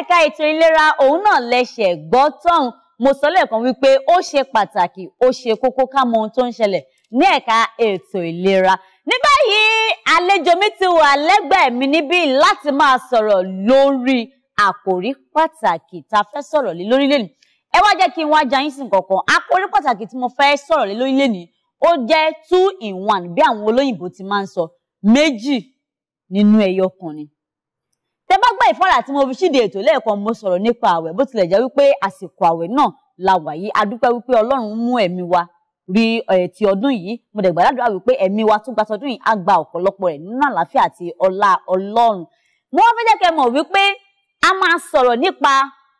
ẹ̀ka ètò ìlera òun náà lẹ́sẹ̀ gbọ́ tọ́hún mo sọ lẹ́ẹ̀kan wípé ó ṣe pàtàkì ó ṣe kókó ká mọ ohun tó ń ṣẹlẹ̀ ní ẹ̀ka ètò ìlera ní báyìí àlejò mi ti wà lẹ́gbẹ̀ẹ́ mi níbí láti máa sọ̀rọ̀ lórí àkòrí pàtàkì tá a fẹ́ sọ̀rọ̀ lé lórí lẹ́nu ẹ wá jẹ́ kí n wá jayín sí kankan àkòrí pàtàkì tí mo fẹ́ sọ̀rọ̀ lé lórí lẹ́nu ó jẹ́ two in one bí àwọn olóyìnbó ti máa ń sọ méjì nínú ẹyọ ni tẹ bá gbà ìfọ́nra tí mo fi ṣíde ètò lẹ́ẹ̀kan mo sọ̀rọ̀ nípa àwẹ̀ bó tilẹ̀ jẹ́ wípé àsìkò àwẹ̀ náà la wà yìí adúpẹ́ wípé ọlọ́run mú ẹ̀mí wa rí ti ọdún yìí mo dẹ̀ gbàdúrà wípé ẹ̀mí wa tó gba tọdún yìí á gba ọ̀pọ̀lọpọ̀ rẹ̀ nínú àlàáfíà àti ọlá ọlọ́run mo wá fẹ́ jẹ́ kẹ́ mọ̀ wípé a máa sọ̀rọ̀ nípa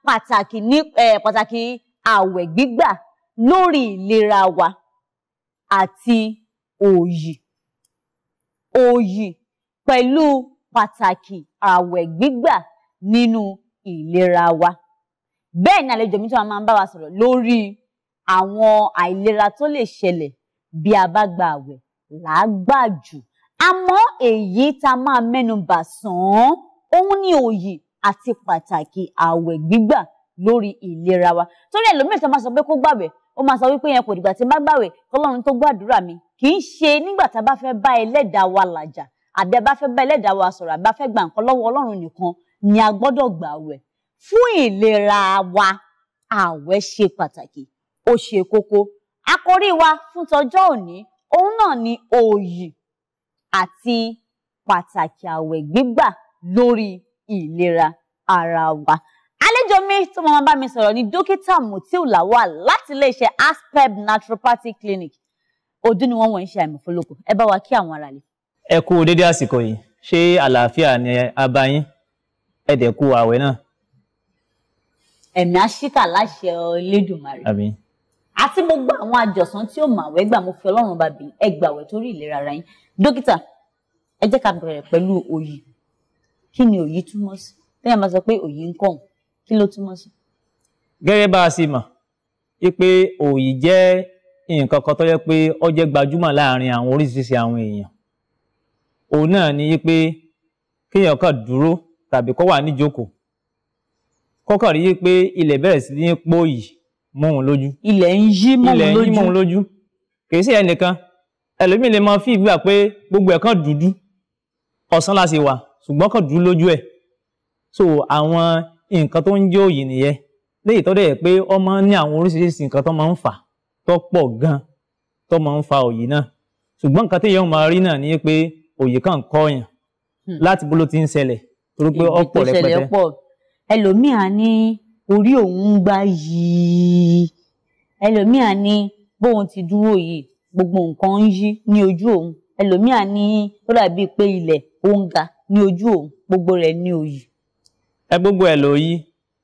pàtàkì ní pàtàkì àwẹ̀ gbígbà lórí ìlera wa àti òyì òyì pẹ̀lú pàtàkì ààwẹ̀ gbígbà nínú ìlera wa bẹ́ẹ̀ ni àlejò mi tí wọ́n máa ń bá wa sọ̀rọ̀ lórí àwọn àìlera tó lè ṣẹlẹ̀ bí a bá gba ààwẹ̀ làágbà jù àmọ́ èyí tá a máa mẹ́nu bà sàn án òun ni òyì àti pàtàkì ààwẹ̀ gbígbà lórí ìlera wa torí ẹlòmíràn tó máa sọ pé kó gbàwẹ̀ ó máa sọ wípé yẹn kò dìgbà tí n bá gbàwẹ̀ kọ́lọ́run tó gbàdúrà mi kì í ṣe nígbà tá a bá fẹ́ bá ẹlẹ́dàá wa làjà àbí bá fẹ́ bá ẹlẹ́dàá wa sọ̀rọ̀ àbí bá fẹ́ gba nǹkan lọ́wọ́ ọlọ́run nìkan ni a gbọ́dọ̀ gbà wẹ̀ fún ìlera wa àwẹ̀ ṣe pàtàkì ó ṣe kókó àkórí wa fún tọjọ́ òní òun náà ni òòyì àti pàtàkì àwẹ̀ gbígbà lórí ìlera ara wa àlejò mi tó máa bá mi sọ̀rọ̀ ni dókítà Mutiu Lawal láti iléeṣẹ́ Aspeb Naturopathy Clinic ọdún ni wọ́n wọ̀ ń ṣe àìmọ̀fólókò ẹ bá wa kí àwọn ará lè ẹ kú dédé àsìkò yìí ṣé àlàáfíà ni a bá yín ẹ dẹ̀ kú àwẹ̀ náà. ẹ̀mí àṣìkà láṣẹ Olódùmarè àti gbogbo àwọn àjọsán tí ó mà wẹ́ gbà mo fi ọlọ́run bá bí ẹ gbàwẹ̀ torí ìlera ara yín dókítà ẹ jẹ́ ká bẹ̀rẹ̀ pẹ̀lú òyì kí ni òyì túmọ̀ sí tẹ́yìn máa sọ pé òyì ń kọ̀hún kí ló túmọ̀ sí. gẹ́gẹ́ bá a sì mọ̀ wípé òyì jẹ́ nǹkan kan tó yẹ pé ó jẹ́ gbajúmọ̀ láàrin àwọn oríṣiríṣi àwọn èèyàn òun náà ni pé kéèyàn kàn dúró tàbí kó wà níjókòó kọ́kàn rí pé ilẹ̀ bẹ̀rẹ̀ sí ní pòyì mọ́ òun lójú. ilẹ̀ ń yí mọ́ òun lójú ilẹ̀ ń yí mọ́ òun lójú kì í ṣe ẹnìkan ẹlòmíì lè máa fi ìgbà pé gbogbo ẹ̀ kàn dúdú ọ̀sán la sì wà ṣùgbọ́n kàn dúdú lójú ẹ̀ so àwọn nǹkan tó ń jẹ́ òyì nìyẹn léyìí tó dẹ̀ pé ọmọ ní àwọn oríṣiríṣi nǹkan tó máa ń fà tó pọ̀ gan tó máa ń fa òyì náà ṣùgbọ́n nǹkan téèyàn máa rí náà ni pé òye kan kọyàn hmm. láti bó ló ti ń ṣẹlẹ̀ torí pé ọ̀pọ̀ rẹpẹtẹ ẹlòmíì á ní orí òun gbá yìí ẹlòmíì á ní bóun ti dúró yìí gbogbo nǹkan ń yí ní ojú òun ẹlòmíì á ní ó dàbí pé ilẹ̀ ó ń ga ní ojú òun gbogbo rẹ̀ ní òyì. ẹ gbogbo ẹ ló yí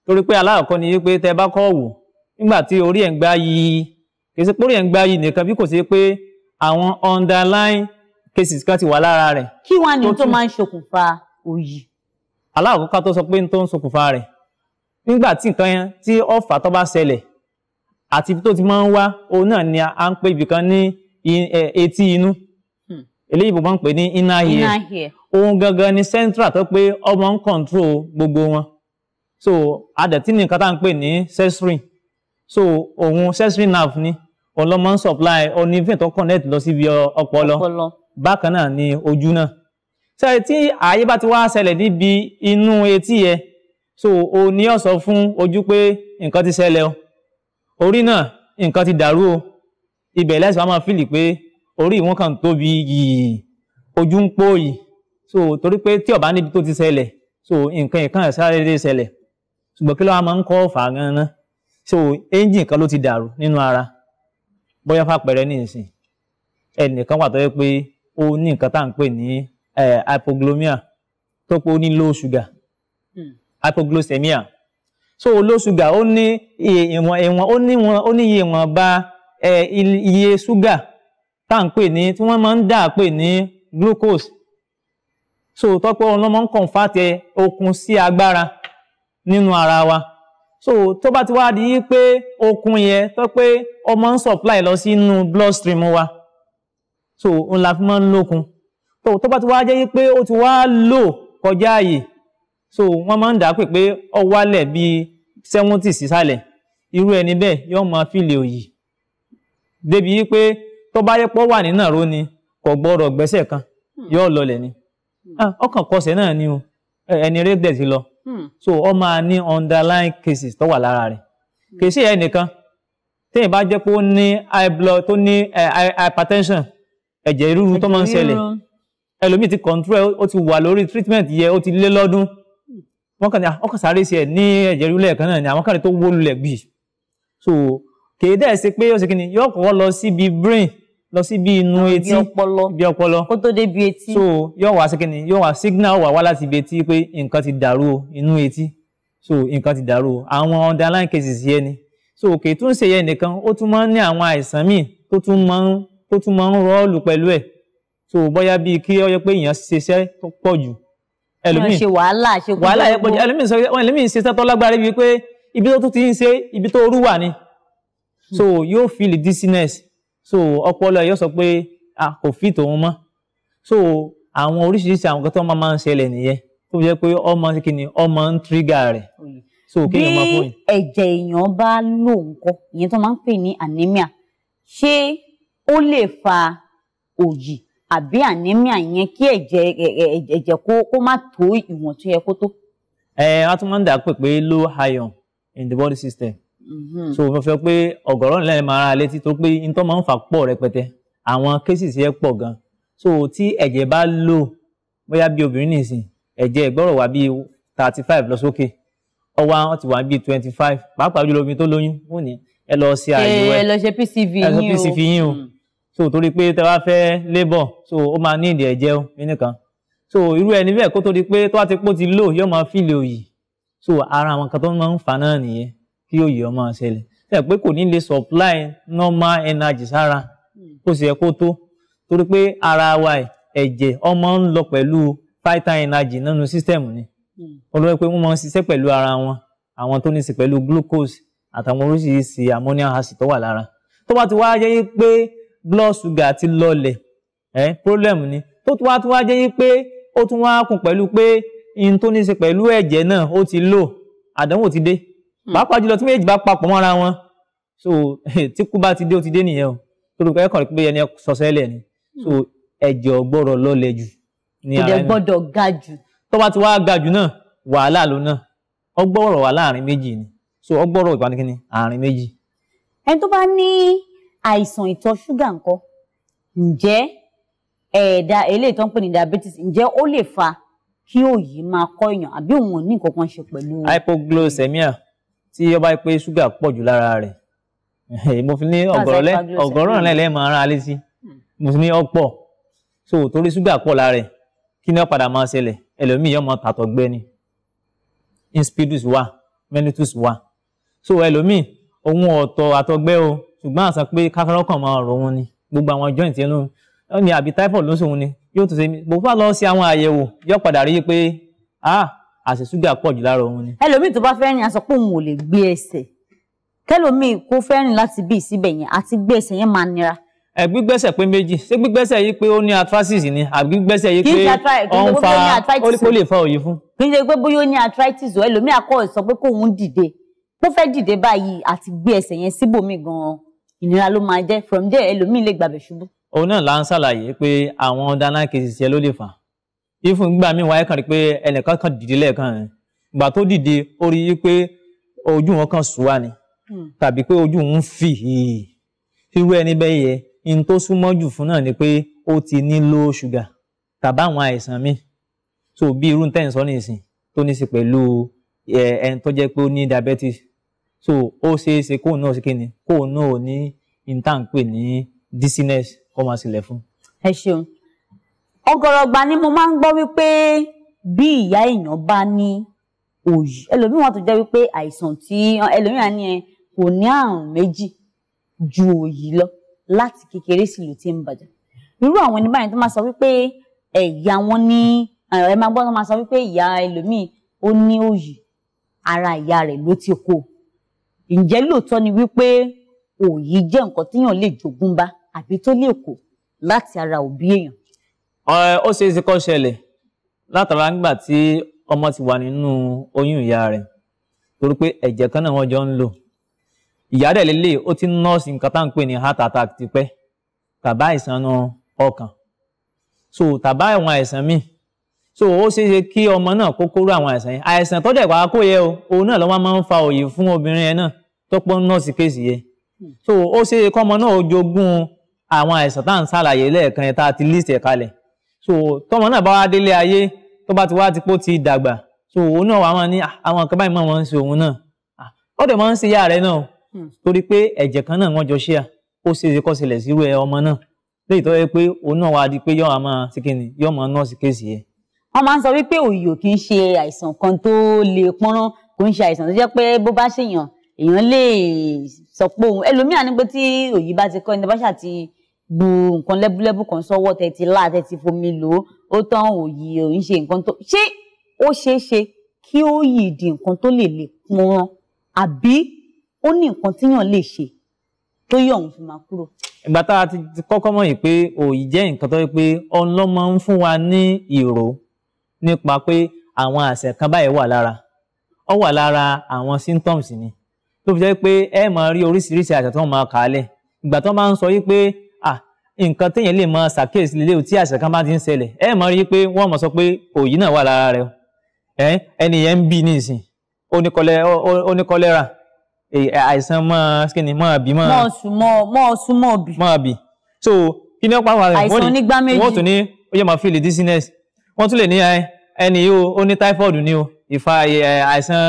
torí pé aláàkọ́ ni wípé tẹ bá kọ́ wò nígbà tí orí ẹ̀ ń gbá yìí kì í ṣe pé orí ẹ̀ ń gbá yìí nìkan bí kò ṣe pé àwọn underline cases kan ti wà lára rẹ̀. kí wàá ní tó máa ń ṣokùnfà òyì. aláàkọ́kọ́ tó sọ pé tó ń ṣokùnfà rẹ̀ nígbà tí nǹkan yẹn tí ọ̀fà tó bá ṣẹlẹ̀ àti tó ti máa ń wá òun náà ni à ń pè ibìkan ní etí inú hmm. eléyìí bó pè ní inner ear ohun gangan ni central tó pé ọmọ ń control gbogbo wọn so adẹ̀tí ni nǹkan tá à ń pè ní sensory so òun sensory nerve ni òun ló máa ń supply onífẹ̀ẹ́ tó connect lọ síbi ọpọlọ. ọpọlọ bákan náà ni ojú náà sẹ́yìn tí ààyè bá ti wá ṣẹlẹ̀ níbi inú etí yẹ so o ní ó sọ fún ojú pé nǹkan ti ṣẹlẹ̀ o orí náà nǹkan ti dàrú o ibẹ̀ lẹ́sìn wa máa fìlì pé orí ìwọ̀n kan tóbi yìí ojú ń pò yìí so torí pé tí ó bá níbi tó ti ṣẹlẹ̀ so nǹkan ìkan sáré ṣẹlẹ̀ ṣùgbọ́n kí ló wá máa ń kọ́ fà gan-an so engine kan ló ti dàrú nínú ara bóyá fàpẹrẹ ní ìsìn ẹnìkan wà tó yẹ pé ó ní nǹkan tá à ń pè ní hypoglycemia tó pé ó ní low sugar hmm. hypoglycemia so low sugar ó ní ìwọ̀n ìwọ̀n ó ní ìwọ̀n ó ní iye ìwọ̀n bá iye sugar tá à ń pè ní tí wọ́n máa ń dà pè ní glucose so tọ́pẹ́ ọ̀nà máa ń convert okun sí agbára nínú ara wa so tó bá ti wá di pé okun yẹn tọ́pẹ́ ọmọ ń supply lọ sínú blood stream wa. so òun la fi máa ń lókun tó tó bá ti wá jẹ́ pé ó ti wá lò kọjá àyè so wọ́n máa ń dà á pè pé ọ wálẹ̀ bíi seventy sísàlẹ̀ irú ẹni bẹ́ẹ̀ yóò máa fìlè òyì débi pé tó bá yẹ pọ́ wà ní nàró ni kò gbọ́dọ̀ gbẹ́sẹ̀ kan hmm. yóò lọlẹ̀ ni ọkàn hmm. ah, kọsẹ̀ náà ni o ẹni rẹ̀ dẹ̀ ti lọ hmm. so ọ máa ní underlying cases tó wà lára rẹ̀ kì í ṣe ẹnìkan téèyàn bá jẹ́ pé ó ní high blood tó ní eh, hypertension ẹ̀jẹ̀ ríru tó máa ń ṣẹlẹ̀ ẹlòmíì ti control ó ti wà lórí treatment yẹ ó ti lé lọ́dún wọ́n kàn ní ọkàn sáré sí ẹ̀ ní ẹ̀jẹ̀ ríru lẹ́ẹ̀kan náà ni àwọn kàrí tó wó lulẹ̀ gbì so kèé dẹ́ ṣe pé ó ṣe kíni yóò kọ́kọ́ lọ síbi brain lọ síbi inú etí bí ọpọlọ kó tó dé bi etí so yóò wá ṣe kíni yóò wá signal wà wá láti ibi etí pé nǹkan ti dàrú inú etí so nǹkan ti dàrú àwọn underlying cases yẹn ni so kèé tún ṣe yẹn nìkan ó tún máa ń ní àwọn àìsàn míì tó tún máa ń tó tún máa ń rọ́ọ̀lù pẹ̀lú ẹ̀ tó bóyá bíi kí ó yẹ pé èèyàn ṣiṣẹ́ tó pọ̀ jù ẹlòmíì ṣe wàhálà ṣe kúndùn wàhálà ẹlòmíì sọ wọn ẹlòmíì ṣiṣẹ́ tó lágbára bíi pé ibi tó tún ti ń ṣe ibi tó rú wà ni hmm. so yóò feel dizziness so ọpọlọ yóò sọ pé a ah, kò fi tòun mọ́ so àwọn oríṣiríṣi àwọn kan tó máa ń ṣẹlẹ̀ nìyẹn tó jẹ́ pé ọmọ kìnnì ọmọ ń tírígà rẹ̀ so kéèyàn máa fọyín. bí ẹ̀jẹ̀ èèyàn bá lò ń kọ́ ìyẹn tó máa ń pè ní anemia ṣé ó lè fa òyì àbí anemia yẹn kí ẹ̀jẹ̀ ẹ̀jẹ̀ kó kó má tó ìwọ̀n tó yẹ kó tó. ẹ a tún máa ń dà pé pé low iron in the body system. Mm-hmm. so mo fẹ́ pé ọ̀gọ̀rọ̀ nílẹ̀ máa ra létí tó pé n tó máa ń fà pọ̀ rẹpẹtẹ àwọn cases yẹn pọ̀ gan so tí ẹ̀jẹ̀ bá lò bóyá bí obìnrin nìsín ẹ̀jẹ̀ ìgbọ́rọ̀ wá bíi thirty five lọ sókè ọwọ́ àwọn ti wà bíi twenty five pàápàá jùlọ obìnrin tó lóyún wọ́n ní ẹ lọ ṣe àyẹ̀wò ẹ lọ ṣe PCV yín o ẹ lọ ṣe PCV yín o so torí pé tẹ bá fẹ́ labour so ó máa ní ìdí ẹ̀jẹ̀ nìkan so irú ẹni bẹ́ẹ̀ kó tó di pé tó bá ti pò ti lò yóò máa fìlè òyì so ara àwọn kan tó máa ń fà náà nìyẹn kí òyì ọ máa ṣẹlẹ̀ tẹ̀ pé kò ní lè supply normal energy sára kó sì yẹ kó tó torí pé ara wa ẹ̀jẹ̀ ọmọ ń lọ pẹ̀lú vital energy nínú system ni olóyè pé wọ́n máa ń ṣiṣẹ́ pẹ̀lú ara wọn àwọn tó ní sí pẹ̀lú glucose àtàwọn oríṣiríṣi ammonium acid tó wà lára tó bá ti wá jẹ́ pé blood sugar ti lọlẹ̀ ẹ problem ni tó tún wá tún wá jẹ́ yín pé ó tún wá kún pẹ̀lú pé ihun tó ní í ṣe pẹ̀lú ẹ̀jẹ̀ náà ó ti lò àdánwò ti dé hmm. pàápàá jùlọ tí méjì bá papọ̀ mọ́ra wọn so tí kú bá ti dé ó ti dé nìyẹn o torí ẹ kàn rí pé ẹni sọ sẹ́lẹ̀ ni so hmm. ẹ̀jẹ̀ ọgbọ́rọ̀ lọlẹ̀ jù ní ara ẹni kò dẹ̀ gbọ́dọ̀ ga jù tó bá ti wá ga jù náà wàhálà ló náà ọgbọ́rọ̀ wà láàrin méjì ni so ọgbọ́rọ̀ ìpanikíni àárín méjì. ẹni tó bá ní àìsàn ìtọ̀ ṣúgà ńkọ́ ǹjẹ́ ẹ̀ẹ̀dà eh, eléyìí tó ń pè ní diabetes ǹjẹ́ ó lè fa kí òòyì máa kọ́ èèyàn àbí òun ò ní nǹkan kan ṣe pẹ̀lú. hypoglycemia tí ó bá pé ṣúgà pọ̀ jù lára rẹ̀ mo fi ní ọ̀gọ̀rọ̀ náà lẹ́ẹ̀ máa rán sí mo fi ní ọ̀pọ̀ so torí ṣúgà pọ̀ lára rẹ̀ kí ni ó padà máa ṣẹlẹ̀ ẹlòmíì yóò máa tàtọ̀ gbẹ ni insipidus wà menitus wà so ẹlòmíì ohun ọ̀tọ̀ àtọ̀gbẹ o ṣùgbọ́n àṣà pé kákọ́rọ́ kan máa rò wọn ni gbogbo àwọn joint yẹn ló àbí typhoid ló sòun ni yóò tún ṣe mí bò fún àlọ́ sí àwọn àyẹ̀wò yóò padà rí i pé ah àṣẹ ṣúgà pọ̀ jù lára òun ni. ẹlòmíì tó bá fẹ́ rìn aṣọ pé òun ò lè gbé ẹsẹ̀ kẹlòmíì kó fẹ́ rìn láti bí síbẹ̀ yẹn àti gbé ẹsẹ̀ yẹn máa nira. ẹ gbígbẹ́sẹ̀ pé méjì ṣé gbígbẹ́sẹ̀ yìí pé ó ní arthritis ni àbí gbígbẹ́sẹ̀ yìí pé ó ń fa ó lè fa òye fún. kì í ṣe pé bóyá ó ní arthritis o ẹlòmíì akọ ìsọ pé kóun dìde kó fẹ́ dìde báyìí àti gbé ẹsẹ̀ yẹn síbòmíì gan-an ìnira ló máa jẹ́ from there ẹlòmíì lè gbàbẹ̀ ṣubú. òun náà là ń ṣàlàyé pé àwọn underlying cases yẹn ló lè fà ifun gbà mí wáyé kan rí pé ẹnìkan kan dìde lẹ́ẹ̀kan rẹ̀ ìgbà tó dìde ó rí i pé ojú wọn kan sùn wá ni hmm. tàbí pé ojú ń fì hìí irú ẹni bẹ́ẹ̀ yẹ in tó súnmọ́ jù fún náà ni pé ó ti ní low sugar tàbí àwọn àìsàn míì so bí irú tẹ̀ nìsín tó ní sí pẹ̀lú ẹ̀ tó jẹ́ pé ó ní diabetes so ó ṣeé ṣe kóun náà ṣe kí ni kóun náà ò ní intanpe ní dizziness kó máa ṣẹlẹ̀ fún. ẹ ṣeun ọ̀gọ̀rọ̀gba ni mo máa ń gbọ́ wípé bí ìyá èèyàn bá ní òyì ẹlòmíì wọn tó jẹ́ wípé àìsàn tí ẹlòmíì á ní ẹ kò ní àrùn méjì ju òyì lọ láti kékeré sí ló ti ń bàjẹ́ irú àwọn ẹni báyìí tó máa sọ wípé ẹ̀yà wọn ní ẹ máa gbọ́ tó máa sọ wípé ìyá ẹlòmíì ó ní òyì ara ìyá rẹ̀ ló ti kó o ǹjẹ́ lóòótọ́ ni wípé òòyì jẹ́ nǹkan téèyàn lè jogún bá àbí tó lè kó láti ara òbí èèyàn. ó ṣe é ṣe kó ṣẹlẹ̀ látara nígbà tí ọmọ ti wà nínú oyún ìyá rẹ̀ torí pé ẹ̀jẹ̀ kan náà wọ́n jọ ń lò ìyá rẹ̀ lélẹ̀ ó ti nọ́ọ̀sì nǹkan tá à ń pè ní heart attack tipẹ́ tàbá àìsàn ọkàn so tàbá àwọn àìsàn míì so ó ṣeé ṣe kí ọmọ náà kó kóró àwọn àìsàn yẹn àìsàn tó dẹ̀ wàá kó yẹ o òun náà ló máa ń fa òye fún obìnrin yẹn náà tó pọ́n nọ́ọ̀sì kéèsì yẹn so ó ṣeé ṣe kọ́mọ náà ó jogún àwọn àìsàn tá à ń ṣàlàyé lẹ́ẹ̀kan yẹn tá a ti list ẹ̀ kalẹ̀ so tọ́mọ náà bá wá délé ayé tó bá ti wá ti pó ti dàgbà so òun náà wàá máa ní àwọn nǹkan báyìí máa ń ṣe òun náà ó dẹ̀ máa ń ṣe yá rẹ̀ náà hmm. torí pé ẹ̀jẹ̀ kan náà wọ́n jọ ṣíà ó ṣe é kọ́sílẹ̀ sírú ẹ ọmọ náà léyìí tó yẹ pé òun náà wàá di pé yọ àmọ́ síkìnì yọ ọmọ nọ́ọ̀sì kéèsì yẹn wọ́n máa ń sọ wípé òyò kì í ṣe àìsàn kan tó le pọ́nrán kò ń ṣe àìsàn tó jẹ́ pé bó bá ṣèyàn èèyàn lè sọ pé òun ẹlòmíà ní pé tí òyì bá ti kọ́ ẹni bá ṣà ti bu nǹkan lẹ́búlẹ́bú kan sọ́wọ́ tẹ̀tí láà tẹ̀tí fomi lò ó tán òyì òyì ṣe nǹkan tó ṣé ó ṣeé ṣe kí ó yì di nǹkan tó lè le pọ́nrán àbí ó ní nǹkan tíyàn lè ṣe tó yọ òun fi máa kúrò. ìgbà tá a ti kọ́kọ́ mọ̀ yìí pé òyì jẹ́ nǹkan tó yẹ pé ọlọ́mọ ń fún wa ní ìró nípa pé àwọn àṣẹ kan báyìí wà lára ó wà lára àwọn symptoms ni tó fi jẹ́ pé ẹ máa rí oríṣiríṣi àṣà tó máa kà á lẹ̀ ìgbà tó máa ń sọ wípé ah nǹkan téèyàn lè máa ṣàkíyèsí lélẹ́yìí tí àṣà kan bá ti ń ṣẹlẹ̀ ẹ máa rí pé wọ́n máa sọ pé òyì náà wà lára rẹ ẹ ẹni yẹn ń bì ní ìsìn ó ní kọ́lẹ́rà àìsàn máa skin máa bì máa. mọ̀ ọ̀sùn mọ̀ ọ̀sùn bì. máa bì so kí ni ó pàápàá rẹ̀ wọ́n tún ní ó yẹ máa feel dizziness wọ́n tún lè ní ẹni yìí ó ní typhoid ni o ìfà àìsàn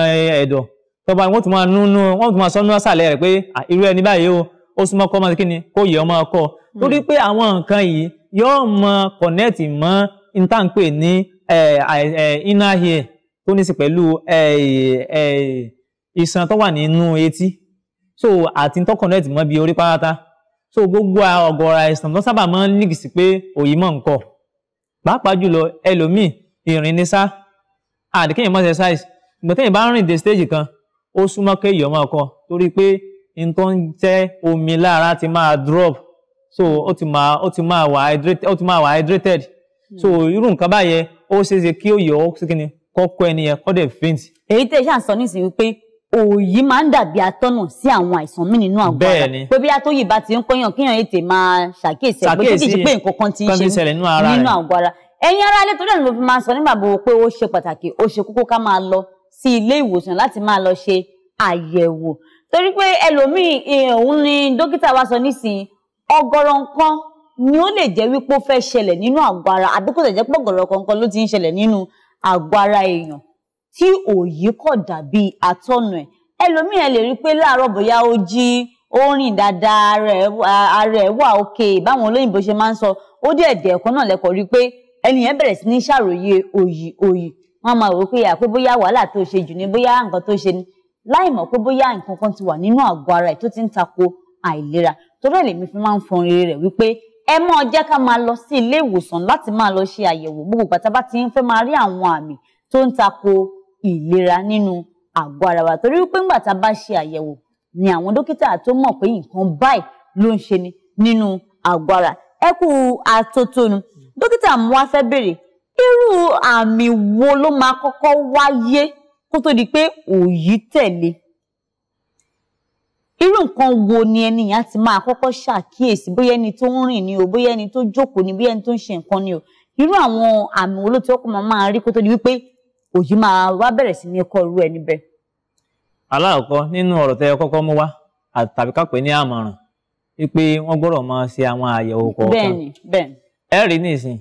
ẹ̀dọ̀ tọba wọ́n tún máa nínú wọ́n tún máa sọ nínú àṣàlẹ̀ rẹ̀ pé irú ẹni báyìí o ó súnmọ́ kọ́ máa ti kí ni kó yẹ ọmọ ọkọ hmm. torí pé àwọn nǹkan yìí yóò mọ connect mọ́ ntànpé ní inner ear tó ní sí pẹ̀lú iṣan tó wà nínú etí so àti tó connect mọ́ bí orí pátá so gbogbo ọ̀gọ̀ọ̀rọ̀ àìsàn tó sábà máa ń nígìsí pé òyìnbó nǹkan pàápàá jùlọ ẹlòmíì ìrìn ní sá àdìkẹ́yìn mọ́ exercise ìgbọ̀n tẹ́yìn bá ń rìn dé stage kan ó súnmọ́ kéèyàn máa kọ torí pé n tó ń jẹ́ omi lára ti máa drop so ó ti máa ó ti máa wà hydrated ó ti máa wà hydrated so irú nǹkan báyẹn ó ṣeéṣe kí ó yọ ó sì kíni kọ́kọ́ ẹni yẹn kọ́ dẹ̀ faint. èyí tẹ́ ṣáà sọ nísìnyí wípé òòyì máa ń dàbí atọ́nà sí àwọn àìsàn mí nínú àgọ́ ara pé bí atóyì bá ti ń pẹ́yàn kéèyàn ètè máa ṣàkíyèsí ẹ̀ pé kí kìí ṣe pé nǹkan kan ti ń ṣe nínú àgọ́ ara ẹ̀yin ara ilé torí ẹ̀ ló fi máa sọ nígbà gbogbo pé ó ṣe pàtàkì ó ṣe kókó ká máa lọ sí ilé ìwòsàn láti máa lọ ṣe àyẹ̀wò torí pé ẹlòmíì eh, òun ni dókítà wa sọ nísìnyí ọ̀gọ̀rọ̀ nǹkan ni ó lè jẹ́ wípé ó fẹ́ ṣẹlẹ̀ nínú àgọ́ ara àbí kò tẹ̀ jẹ́ pọ̀gọ̀rọ̀ kankan ló ti ń ṣẹlẹ̀ nínú àgọ́ ara èèyàn tí òòyì kọ̀ dàbí atọ́nà ẹ̀ ẹlòmíì ẹ lè rí i pé láàárọ̀ bóyá ó jí ó rìn dáadáa ara ẹ̀ wà òkè báwọn olóyìnbó ṣe máa ń sọ ó dẹ̀ dẹ̀ ẹ̀kọ́ náà lẹ́kọ̀ọ́ rí i pé ẹni bẹ̀rẹ̀ sí ní ṣàròyé òòyì òòyì wọn máa wò ó pé àpé bóyá wàhálà tó ṣe jù ni bóyá nǹkan tó ṣe ni láì mọ̀ pé bóyá nǹkan kan ti wà nínú àgọ́ ara ẹ̀ tó ti ń tako àìlera torí ẹ̀ lèmi fi máa ń fọn rere rẹ̀ wípé ẹ máa jẹ́ ká máa lọ sí ilé ìwòsàn láti máa lọ ṣe àyẹ̀wò gbogbo ìgbà bá ti ń fẹ́ máa rí àwọn àmì tó ń tako ìlera nínú àgọ́ ara wa torí wípé ńgbà tá a bá ṣe àyẹ̀wò ni àwọn dókítà tó mọ̀ pé nǹkan báyìí ló ń ṣe ni nínú àgọ́ ara ẹ kú atótónu dókítà mo wá fẹ́ béèrè irú àmì wo ló máa kọ́kọ́ wáyé kó tó di pé òòyì tẹ̀lé irú nǹkan wo ni ẹni yẹn ti máa kọ́kọ́ ṣàkíyèsí bóyá ẹni tó ń rìn ni o bóyá ẹni tó jókòó ni bóyá ẹni tó ń ṣe nǹkan ni o irú àwọn àmì wo ló ti ọkọ̀ máa máa rí kó tó di wípé òjì máa wá bẹ̀rẹ̀ sí ní kọ́ ẹni bẹ́ẹ̀. aláàkọ́ nínú ọ̀rọ̀ tẹ́ ẹ mú wá tàbí kápẹ́ ní àmọ̀ràn wípé wọ́n gbọ́dọ̀ máa ṣe àwọn àyẹ̀wò kọ̀ọ̀kan. bẹ́ẹ̀ni bẹ́ẹ̀ni. ẹ rí nísìn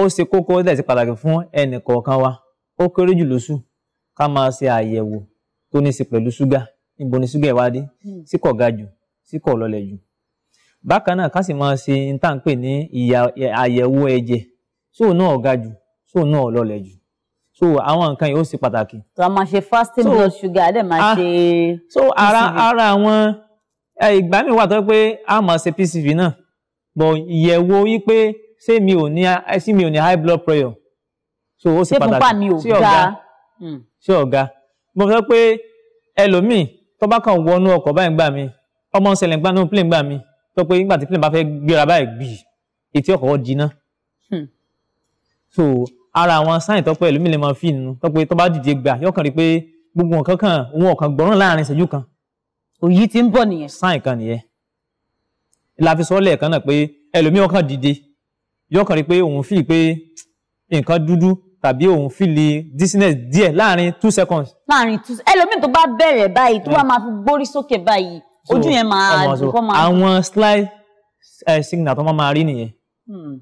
ó ṣe kókó dẹ̀ pàtàkì fún ẹnì kọ̀ọ̀kan wa ó kéré jù lóṣù ká máa ṣe àyẹ̀wò tó ní í ṣe pẹ̀lú ṣúgà níbo ni ṣúgà ìwádìí sí hmm. kò ga jù sí kò lọlẹ̀ jù bákan náà ká sì máa ṣe ní ní àyẹ̀wò ẹ̀jẹ̀ so àwọn nǹkan yìí ó ṣe pàtàkì. tó a máa ṣe fasting so, blood sugar a dẹ̀ máa ah, ṣe. so ara ara àwọn ìgbà mi wà tó pé a máa ṣe PCV náà bọ̀ ìyẹ̀wò yí pé ṣé mi ò ní ṣé mi ò ní high blood pressure so ó ṣe pàtàkì ṣé ọ̀gá hmm. Hmm. ṣé ọ̀gá mo fẹ́ pé ẹlòmíì tó bá kàn wọnú ọkọ̀ báyìí gbà mí ọmọ ṣẹlẹ̀ gbà nínú plane gbà mí tó pé nígbà tí plane bá fẹ́ gbéra báyìí gbì etí ọkọ̀ wọ́n jiná hmm. so ara àwọn sáyìn tọ́pẹ́ ẹlòmíì lè máa fi nù tọ́pẹ́ tó bá dìde gbà yọkàn rí pé gbogbo nǹkan kan òun ọ̀kan gbọ́ràn láàrin ìṣẹ́jú kan. òyì ti ń bọ̀ nìyẹn. sáyìn kan nìyẹn la fi sọ lẹ́ẹ̀kan náà pé ẹlòmíì ọkàn dìde yọkàn rí pé òun fìlì pé nǹkan dúdú tàbí òun fìlì dizziness díẹ̀ láàrin two seconds. láàrin two ẹlòmíì tó bá bẹ̀rẹ̀ báyìí tó bá hmm. máa fi gbórí sókè báyìí ojú yẹn máa dùn kọ́ máa. àwọn slide eh, signal tó máa máa rí nìyẹn hmm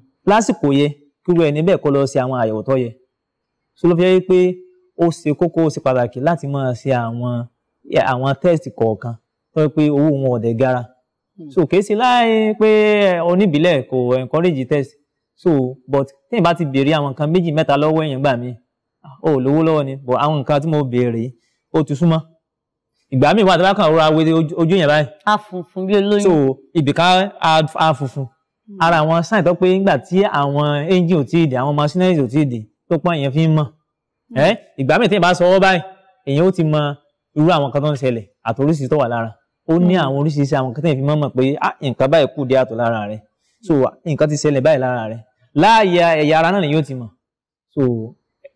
kíru ẹni bẹ́ẹ̀ kó lọ ṣe àwọn àyẹ̀wò tó yẹ so ló fi jẹ́ pé ó ṣe kókó ó ṣe pàtàkì láti máa ṣe àwọn àwọn test kọ̀ọ̀kan tó yẹ pé owó wọn ọ̀dẹ̀ gara hmm. so kìí ṣe láì pé oníbílẹ̀ kò encourage test so but téèyàn bá ti béèrè àwọn nǹkan méjì mẹ́ta lọ́wọ́ èèyàn gbà mí ò lówó lọ́wọ́ ni but àwọn nǹkan tí mo béèrè ó ti súnmọ́ ìgbà míì wà tí wọ́n kàn rọra wé ojú yẹn báyìí. a funfun bí olóyún. so ibìkan a funfun Hmm. ara àwọn sáìn tó pé nígbà tí àwọn engine ò tí ì àwọn machinery ò tí ì tó pọ́n èèyàn fi ń mọ̀ hmm. ẹ́ ìgbà míì téèyàn bá sọ ọwọ́ báyìí èèyàn ó ti mọ irú àwọn kan tó ń ṣẹlẹ̀ àti oríṣiríṣi tó wà lára ó ní hmm. àwọn oríṣiríṣi àwọn kan téèyàn fi mọ̀ pé ah, nǹkan báyìí kù dé àtò lára rẹ̀ so nǹkan ti ṣẹlẹ̀ báyìí lára rẹ̀ láàyè ẹ̀yà ara náà nìyóò ti mọ̀ so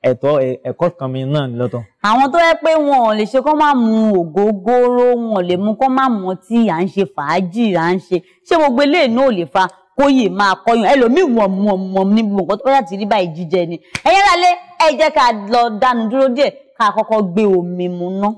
ẹ̀tọ́ ẹ̀kọ́ kan mi náà lọ́tọ̀. àwọn tó yẹ pé wọn ò lè ṣe kó má mu ògógóró wọn ò lè mu kó má mu ọtí à ń ṣe fàájì à ń ṣe ṣé gbogbo eléyìí náà ò lè fa kóyè máa kọyàn ẹlòmíì wọ̀n mọ̀ mọ̀ ní gbogbo nǹkan tó bá ti rí báyìí jíjẹ ni ẹ̀yin lálẹ́ ẹ jẹ́ ká lọ dánu dúró díẹ̀ ká kọ́kọ́ gbé omi mu ná